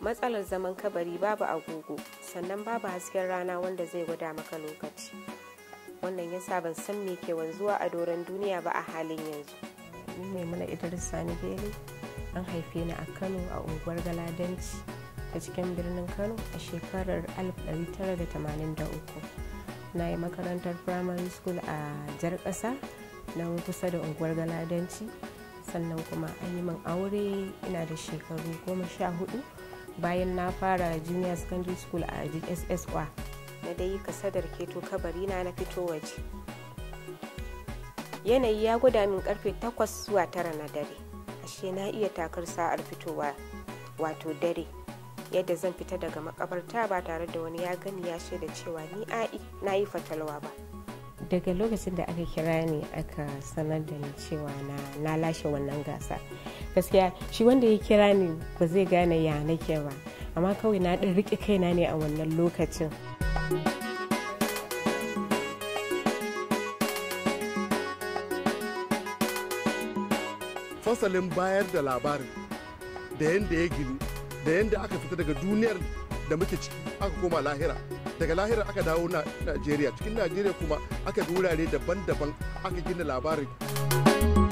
matsalar zaman kabari babu agogo sannan babu hasken rana wanda zai gwada maka lokaci wannan yasa ban san me ke wanzuwa a doron duniya ba a halin yanzu ni maimuna idris sani beli an haife ni a kano a unguwar galadanci a cikin birnin kano a shekarar 1983 na yi makarantar primary school a jar ƙasa na kusa da unguwar galadanci sannan kuma an yi min aure ina da shekaru goma sha hudu bayan na fara junior secondary school a jss kwa na dai kasadar keto kabari na na fito waje yanayi ya gwada min karfe 8 zuwa 9 na dare ashe na iya takar sa'ar fitowa wato dare yadda zan fita daga makabarta ba tare da wani ya gani ya shaida cewa ni a'i na yi fatalwa ba daga lokacin da aka kira ni aka sanar da ni cewa na lashe wannan gasa gaskiya shi wanda ya kira ni ba zai gane ya nake ba amma kawai na ɗin riƙe kaina ne a wannan lokacin fasalin bayar da labarin da yadda ya gini da yadda aka fita daga duniyar da muke ciki aka koma lahira daga lahira aka dawo na nigeria cikin nigeria kuma aka bi wurare daban-daban aka gina labarin